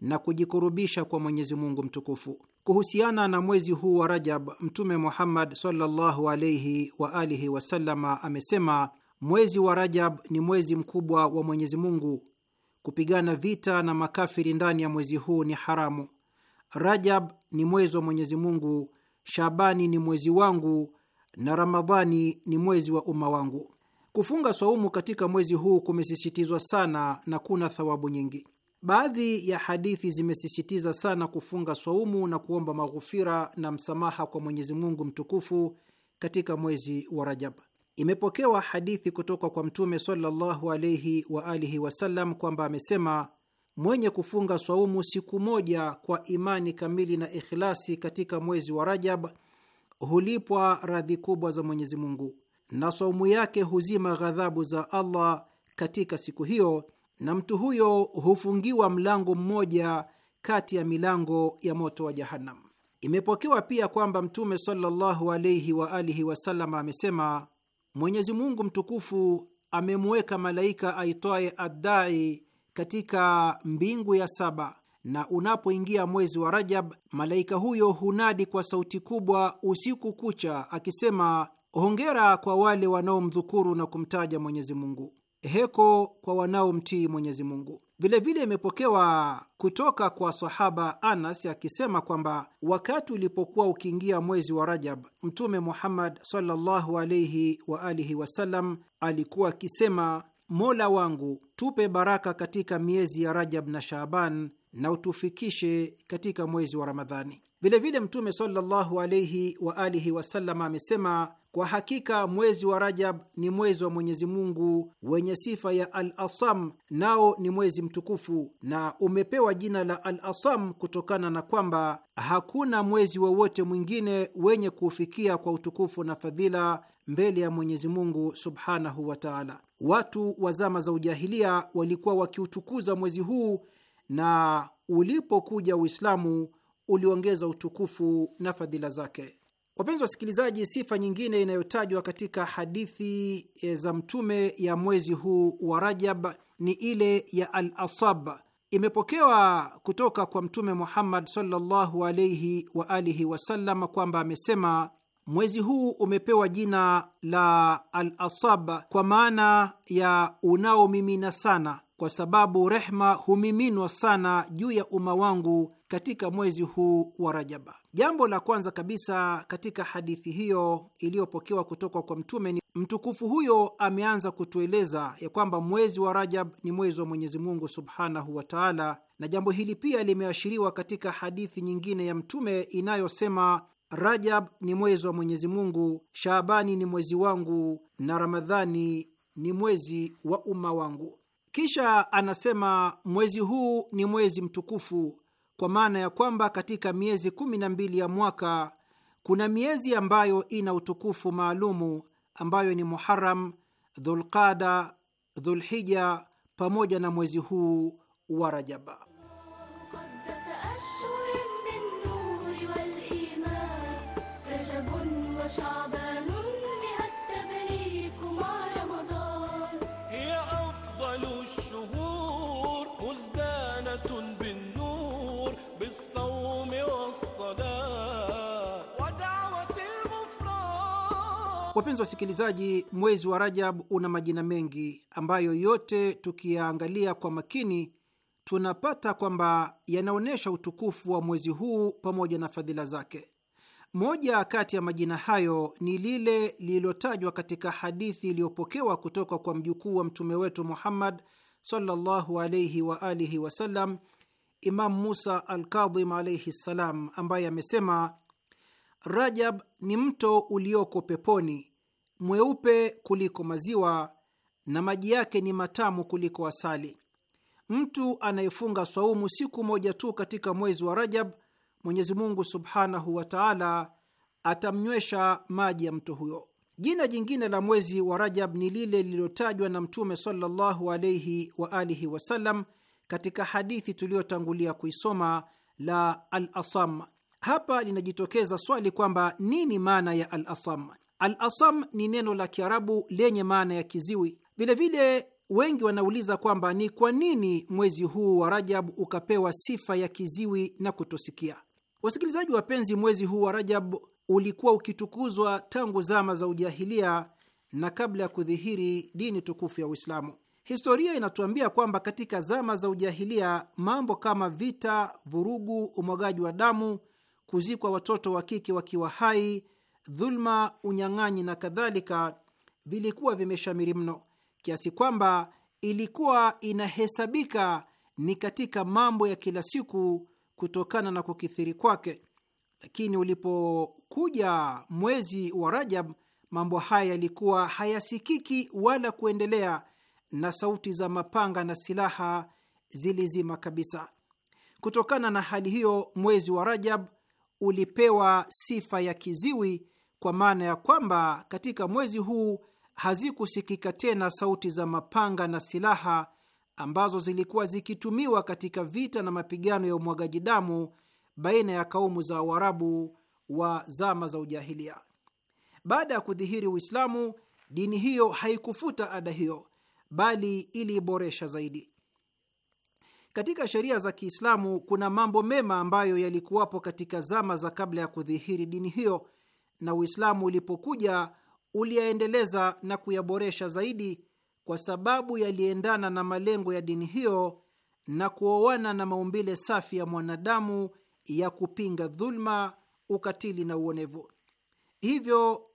S3: na kujikurubisha kwa Mwenyezi Mungu mtukufu. Kuhusiana na mwezi huu wa Rajab, Mtume Muhammad sallallahu alaihi wa alihi wasallama amesema, mwezi wa Rajab ni mwezi mkubwa wa Mwenyezi Mungu. Kupigana vita na makafiri ndani ya mwezi huu ni haramu. Rajab ni mwezi wa Mwenyezi Mungu Shabani ni mwezi wangu na Ramadhani ni mwezi wa umma wangu. Kufunga saumu katika mwezi huu kumesisitizwa sana na kuna thawabu nyingi. Baadhi ya hadithi zimesisitiza sana kufunga saumu na kuomba maghufira na msamaha kwa Mwenyezi Mungu mtukufu katika mwezi wa Rajab. Imepokewa hadithi kutoka kwa Mtume sallallahu alaihi wa alihi wasallam kwamba amesema mwenye kufunga swaumu siku moja kwa imani kamili na ikhlasi katika mwezi wa Rajab hulipwa radhi kubwa za Mwenyezi Mungu, na swaumu yake huzima ghadhabu za Allah katika siku hiyo, na mtu huyo hufungiwa mlango mmoja kati ya milango ya moto wa Jahannam. Imepokewa pia kwamba Mtume sallallahu alaihi wa alihi wasallam amesema, Mwenyezi Mungu mtukufu amemweka malaika aitwaye Addai katika mbingu ya saba, na unapoingia mwezi wa Rajab, malaika huyo hunadi kwa sauti kubwa usiku kucha akisema, hongera kwa wale wanaomdhukuru na kumtaja Mwenyezi Mungu, heko kwa wanaomtii Mwenyezi Mungu. Vilevile imepokewa kutoka kwa sahaba Anas akisema kwamba wakati ulipokuwa ukiingia mwezi wa Rajab, Mtume Muhammad sallallahu alaihi wa alihi wasallam alikuwa akisema Mola wangu, tupe baraka katika miezi ya Rajab na Shaaban na utufikishe katika mwezi wa Ramadhani. Vilevile Mtume sallallahu alaihi wa alihi wasallam amesema, kwa hakika mwezi wa Rajab ni mwezi wa Mwenyezi Mungu wenye sifa ya Al-Asam, nao ni mwezi mtukufu na umepewa jina la Al-Asam kutokana na kwamba hakuna mwezi wowote mwingine wenye kuufikia kwa utukufu na fadhila mbele ya Mwenyezi Mungu subhanahu wa taala. Watu wa zama za ujahilia walikuwa wakiutukuza mwezi huu na ulipokuja Uislamu uliongeza utukufu na fadhila zake. Wapenzi wasikilizaji, sifa nyingine inayotajwa katika hadithi e, za Mtume ya mwezi huu wa Rajab ni ile ya al-asab. Imepokewa kutoka kwa Mtume Muhammad sallallahu alaihi wa alihi wasallam kwamba amesema Mwezi huu umepewa jina la Al-Asab kwa maana ya unaomimina sana, kwa sababu rehma humiminwa sana juu ya umma wangu katika mwezi huu wa Rajaba. Jambo la kwanza kabisa katika hadithi hiyo iliyopokewa kutoka kwa Mtume ni mtukufu huyo ameanza kutueleza ya kwamba mwezi wa Rajab ni mwezi wa Mwenyezi Mungu subhanahu wa taala, na jambo hili pia limeashiriwa katika hadithi nyingine ya Mtume inayosema Rajab ni mwezi wa Mwenyezi Mungu, Shaabani ni mwezi wangu, na Ramadhani ni mwezi wa umma wangu. Kisha anasema mwezi huu ni mwezi mtukufu, kwa maana ya kwamba katika miezi kumi na mbili ya mwaka kuna miezi ambayo ina utukufu maalumu, ambayo ni Muharam, Dhulqada, Dhulhija pamoja na mwezi huu wa Rajaba.
S8: وشعبان مئة مع رمضان هي أفضل الشهور
S6: مزدانة بالنور بالصوم والصلاة
S3: Wapenzi wasikilizaji, mwezi wa Rajab una majina mengi ambayo yote tukiyaangalia kwa makini tunapata kwamba yanaonyesha utukufu wa mwezi huu pamoja na fadhila zake. Moja kati ya majina hayo ni lile lililotajwa katika hadithi iliyopokewa kutoka kwa mjukuu wa mtume wetu Muhammad sallallahu alayhi wa alihi wasallam, Imamu Musa Alkadhim alaihi ssalam, ambaye amesema Rajab ni mto ulioko peponi, mweupe kuliko maziwa na maji yake ni matamu kuliko asali. Mtu anayefunga swaumu siku moja tu katika mwezi wa Rajab Mwenyezi Mungu subhanahu wa taala atamnywesha maji ya mtu huyo. Jina jingine la mwezi wa Rajab ni lile lililotajwa na Mtume sallallahu alaihi wa alihi wasallam katika hadithi tuliyotangulia kuisoma la Al-Asam. Hapa linajitokeza swali kwamba nini maana ya Al-Asam? Al-Asam ni neno la Kiarabu lenye maana ya kiziwi. Vilevile wengi wanauliza kwamba ni kwa nini mwezi huu wa Rajab ukapewa sifa ya kiziwi na kutosikia. Wasikilizaji wapenzi, mwezi huu wa Rajab ulikuwa ukitukuzwa tangu zama za ujahilia na kabla ya kudhihiri dini tukufu ya Uislamu. Historia inatuambia kwamba katika zama za ujahilia mambo kama vita, vurugu, umwagaji wa damu, kuzikwa watoto wa kike wakiwa hai, dhulma, unyang'anyi na kadhalika vilikuwa vimeshamiri mno kiasi kwamba ilikuwa inahesabika ni katika mambo ya kila siku kutokana na kukithiri kwake, lakini ulipokuja mwezi wa Rajab mambo haya yalikuwa hayasikiki wala kuendelea, na sauti za mapanga na silaha zilizima kabisa. Kutokana na hali hiyo, mwezi wa Rajab ulipewa sifa ya kiziwi, kwa maana ya kwamba katika mwezi huu hazikusikika tena sauti za mapanga na silaha ambazo zilikuwa zikitumiwa katika vita na mapigano ya umwagaji damu baina ya kaumu za Waarabu wa zama za ujahilia. Baada ya kudhihiri Uislamu, dini hiyo haikufuta ada hiyo, bali iliiboresha zaidi. Katika sheria za Kiislamu kuna mambo mema ambayo yalikuwapo katika zama za kabla ya kudhihiri dini hiyo, na Uislamu ulipokuja uliyaendeleza na kuyaboresha zaidi kwa sababu yaliendana na malengo ya dini hiyo na kuoana na maumbile safi ya mwanadamu ya kupinga dhulma ukatili na uonevu. Hivyo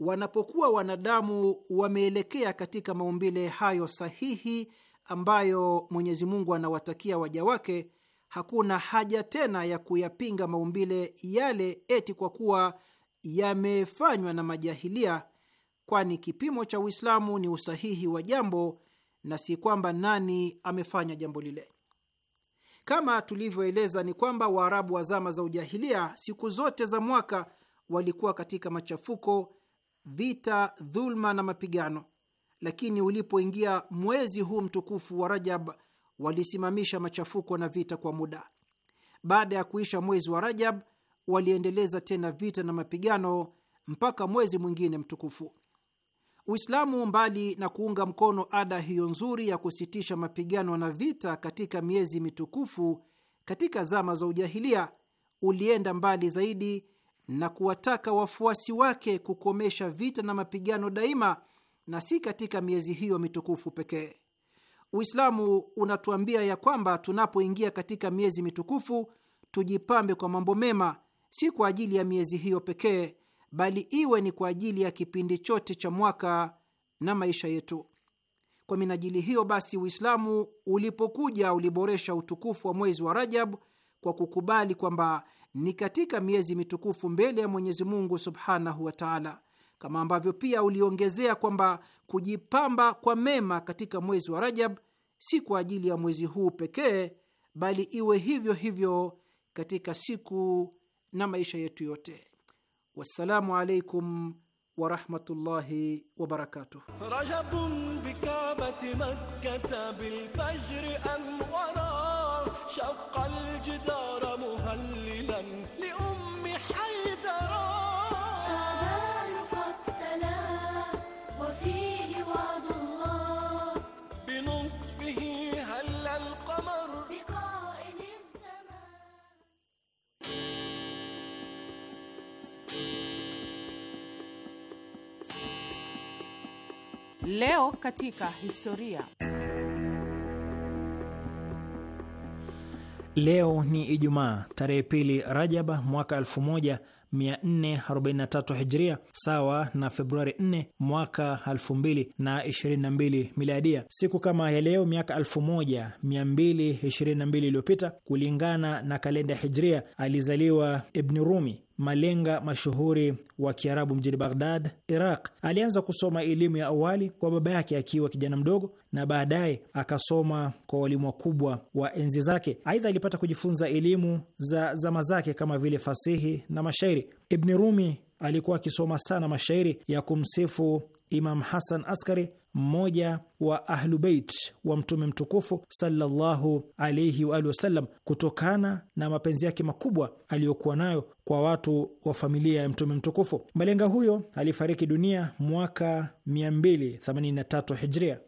S3: wanapokuwa wanadamu wameelekea katika maumbile hayo sahihi ambayo Mwenyezi Mungu anawatakia waja wake, hakuna haja tena ya kuyapinga maumbile yale eti kwa kuwa yamefanywa na majahilia kwani kipimo cha Uislamu ni usahihi wa jambo na si kwamba nani amefanya jambo lile. Kama tulivyoeleza, ni kwamba Waarabu wa zama za ujahilia siku zote za mwaka walikuwa katika machafuko, vita, dhulma na mapigano, lakini ulipoingia mwezi huu mtukufu wa Rajab walisimamisha machafuko na vita kwa muda. Baada ya kuisha mwezi wa Rajab waliendeleza tena vita na mapigano mpaka mwezi mwingine mtukufu. Uislamu mbali na kuunga mkono ada hiyo nzuri ya kusitisha mapigano na vita katika miezi mitukufu katika zama za ujahilia, ulienda mbali zaidi na kuwataka wafuasi wake kukomesha vita na mapigano daima na si katika miezi hiyo mitukufu pekee. Uislamu unatuambia ya kwamba tunapoingia katika miezi mitukufu tujipambe kwa mambo mema, si kwa ajili ya miezi hiyo pekee bali iwe ni kwa ajili ya kipindi chote cha mwaka na maisha yetu. Kwa minajili hiyo basi, Uislamu ulipokuja uliboresha utukufu wa mwezi wa Rajab kwa kukubali kwamba ni katika miezi mitukufu mbele ya Mwenyezi Mungu subhanahu wa taala, kama ambavyo pia uliongezea kwamba kujipamba kwa mema katika mwezi wa Rajab si kwa ajili ya mwezi huu pekee, bali iwe hivyo hivyo katika siku na maisha yetu yote. والسلام عليكم ورحمة الله
S6: وبركاته رجب بكعبة مكة بالفجر
S8: أنورا شق الجدار مهللا Leo katika historia.
S5: Leo ni Ijumaa tarehe pili Rajaba mwaka 1443 Hijria, sawa na Februari 4 mwaka 2022 Miladia. Siku kama ya leo miaka 1222 iliyopita kulingana na kalenda Hijria, alizaliwa Ibni Rumi, malenga mashuhuri wa Kiarabu mjini Baghdad, Iraq. Alianza kusoma elimu ya awali kwa baba yake akiwa kijana mdogo, na baadaye akasoma kwa walimu wakubwa wa enzi zake. Aidha, alipata kujifunza elimu za zama zake kama vile fasihi na mashairi. Ibni Rumi alikuwa akisoma sana mashairi ya kumsifu Imam Hasan Askari mmoja wa Ahlubeit wa Mtume mtukufu sallallahu alaihi waalihi wasallam kutokana na mapenzi yake makubwa aliyokuwa nayo kwa watu wa familia ya Mtume mtukufu. Malenga huyo alifariki dunia mwaka 283 hijria.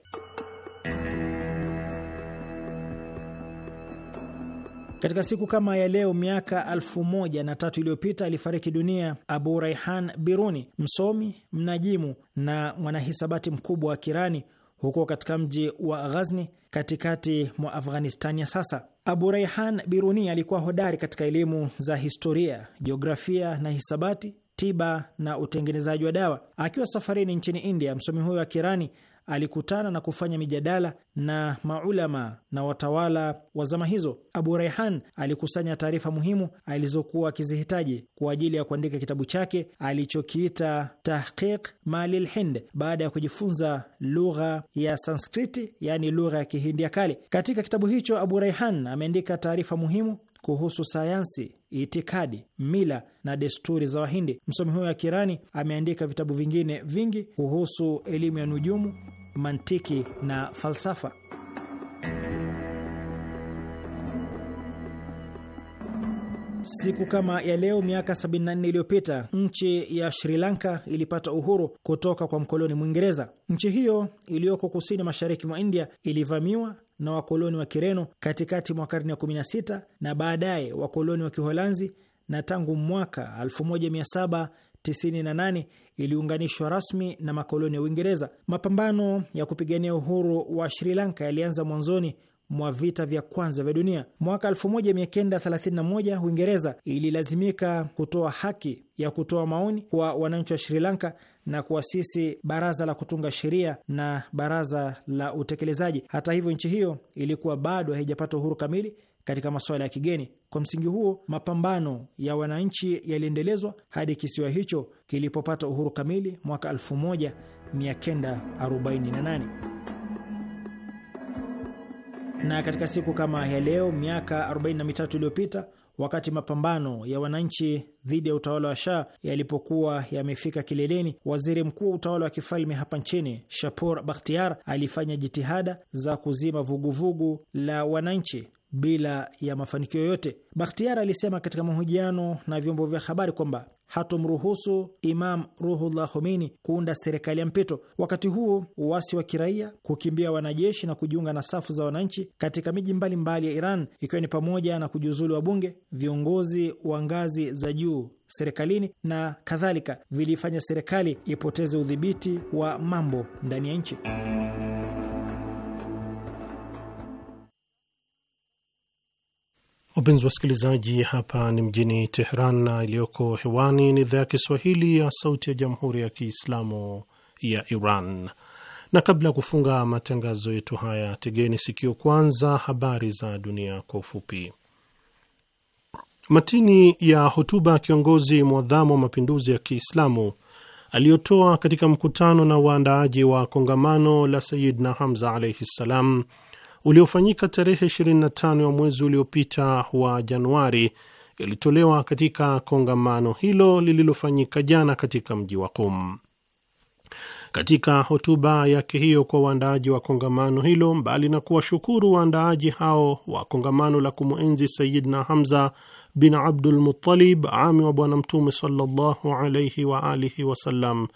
S5: Katika siku kama ya leo miaka alfu moja na tatu iliyopita alifariki dunia Abu Raihan Biruni, msomi, mnajimu na mwanahisabati mkubwa wa Kirani huko katika mji wa Ghazni katikati mwa Afghanistani ya sasa. Abu Raihan Biruni alikuwa hodari katika elimu za historia, jiografia na hisabati, tiba na utengenezaji wa dawa. Akiwa safarini nchini India, msomi huyo wa Kirani alikutana na kufanya mijadala na maulama na watawala wa zama hizo. Abu Raihan alikusanya taarifa muhimu alizokuwa akizihitaji kwa ajili ya kuandika kitabu chake alichokiita Tahqiq Malil Hind baada ya kujifunza lugha ya Sanskriti, yaani lugha ya Kihindi ya kale. Katika kitabu hicho, Abu rayhan ameandika taarifa muhimu kuhusu sayansi itikadi, mila na desturi za Wahindi. Msomi huyo wa Kirani ameandika vitabu vingine vingi kuhusu elimu ya nujumu, mantiki na falsafa. Siku kama ya leo miaka 74 iliyopita nchi ya Sri Lanka ilipata uhuru kutoka kwa mkoloni Mwingereza. Nchi hiyo iliyoko kusini mashariki mwa India ilivamiwa na wakoloni wa Kireno katikati mwa karne ya 16 na baadaye wakoloni wa Kiholanzi, na tangu mwaka 1798 iliunganishwa rasmi na makoloni ya Uingereza. Mapambano ya kupigania uhuru wa Sri Lanka yalianza mwanzoni mwa vita vya kwanza vya dunia. Mwaka 1931 Uingereza ililazimika kutoa haki ya kutoa maoni kwa wananchi wa Sri Lanka na kuasisi baraza la kutunga sheria na baraza la utekelezaji. Hata hivyo, nchi hiyo ilikuwa bado haijapata uhuru kamili katika masuala ya kigeni. Kwa msingi huo, mapambano ya wananchi yaliendelezwa hadi kisiwa hicho kilipopata uhuru kamili mwaka 1948. Na katika siku kama ya leo miaka 43 iliyopita, wakati mapambano ya wananchi dhidi ya utawala wa Shah yalipokuwa yamefika kileleni, waziri mkuu wa utawala wa kifalme hapa nchini Shapor Bakhtiar alifanya jitihada za kuzima vuguvugu vugu la wananchi bila ya mafanikio yoyote. Bakhtiar alisema katika mahojiano na vyombo vya habari kwamba hatomruhusu Imam Ruhullah Khomeini kuunda serikali ya mpito. Wakati huo uasi wa kiraia, kukimbia wanajeshi na kujiunga na safu za wananchi katika miji mbalimbali ya Iran, ikiwa ni pamoja na kujiuzulu wa bunge, viongozi wa ngazi za juu serikalini na kadhalika, viliifanya serikali ipoteze udhibiti wa mambo ndani ya nchi.
S1: Wapenzi wasikilizaji, hapa ni mjini Teheran na iliyoko hewani ni idhaa ya Kiswahili ya Sauti ya Jamhuri ya Kiislamu ya Iran. Na kabla ya kufunga matangazo yetu haya, tegeni sikio kwanza habari za dunia kwa ufupi. Matini ya hotuba ya kiongozi mwadhamu wa mapinduzi ya Kiislamu aliyotoa katika mkutano na waandaaji wa kongamano la Sayidna Hamza alaihi ssalam uliofanyika tarehe 25 ya mwezi uliopita wa Januari ilitolewa katika kongamano hilo lililofanyika jana katika mji wa Qum. Katika hotuba yake hiyo kwa waandaaji wa kongamano hilo, mbali na kuwashukuru waandaaji hao wa kongamano la kumwenzi Sayidna Hamza bin Abdul Muttalib, ami wa Bwana Mtume sallallahu alaihi wa alihi wasallam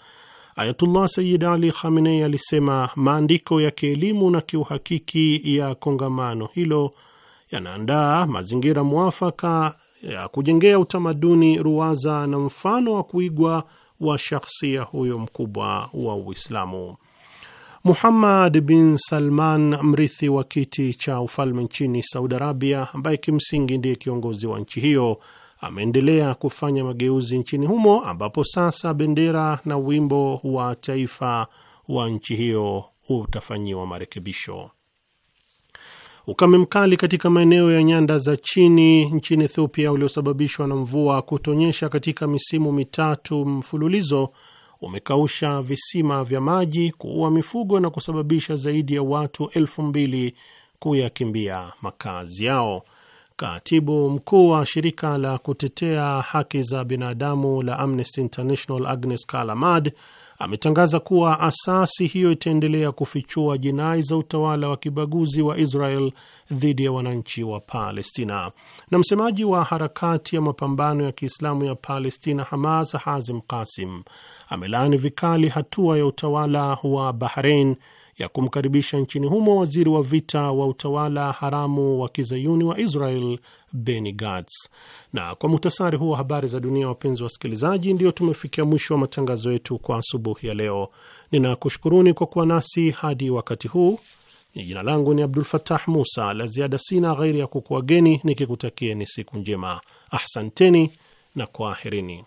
S1: Ayatullah Sayyid Ali Khamenei alisema maandiko ya kielimu na kiuhakiki ya kongamano hilo yanaandaa mazingira mwafaka ya kujengea utamaduni, ruwaza na mfano wa kuigwa wa shakhsia huyo mkubwa wa Uislamu. Muhammad bin Salman, mrithi wa kiti cha ufalme nchini Saudi Arabia, ambaye kimsingi ndiye kiongozi wa nchi hiyo, ameendelea kufanya mageuzi nchini humo ambapo sasa bendera na wimbo wa taifa wa nchi hiyo utafanyiwa marekebisho. Ukame mkali katika maeneo ya nyanda za chini nchini Ethiopia uliosababishwa na mvua kutonyesha katika misimu mitatu mfululizo umekausha visima vya maji, kuua mifugo na kusababisha zaidi ya watu elfu mbili kuyakimbia makazi yao. Katibu mkuu wa shirika la kutetea haki za binadamu la Amnesty International Agnes Kalamad ametangaza kuwa asasi hiyo itaendelea kufichua jinai za utawala wa kibaguzi wa Israel dhidi ya wananchi wa Palestina. Na msemaji wa harakati ya mapambano ya Kiislamu ya Palestina Hamas Hazim Kasim amelaani vikali hatua ya utawala wa Bahrein ya kumkaribisha nchini humo waziri wa vita wa utawala haramu wa kizayuni wa Israel Benny Gantz. Na kwa muhtasari huo habari za dunia, wapenzi wa wasikilizaji, ndio tumefikia mwisho wa matangazo yetu kwa asubuhi ya leo. Ninakushukuruni kwa kuwa nasi hadi wakati huu. Jina langu ni Abdul Fatah Musa. La ziada sina ghairi ya kukuageni nikikutakieni siku njema. Ahsanteni na kwaherini.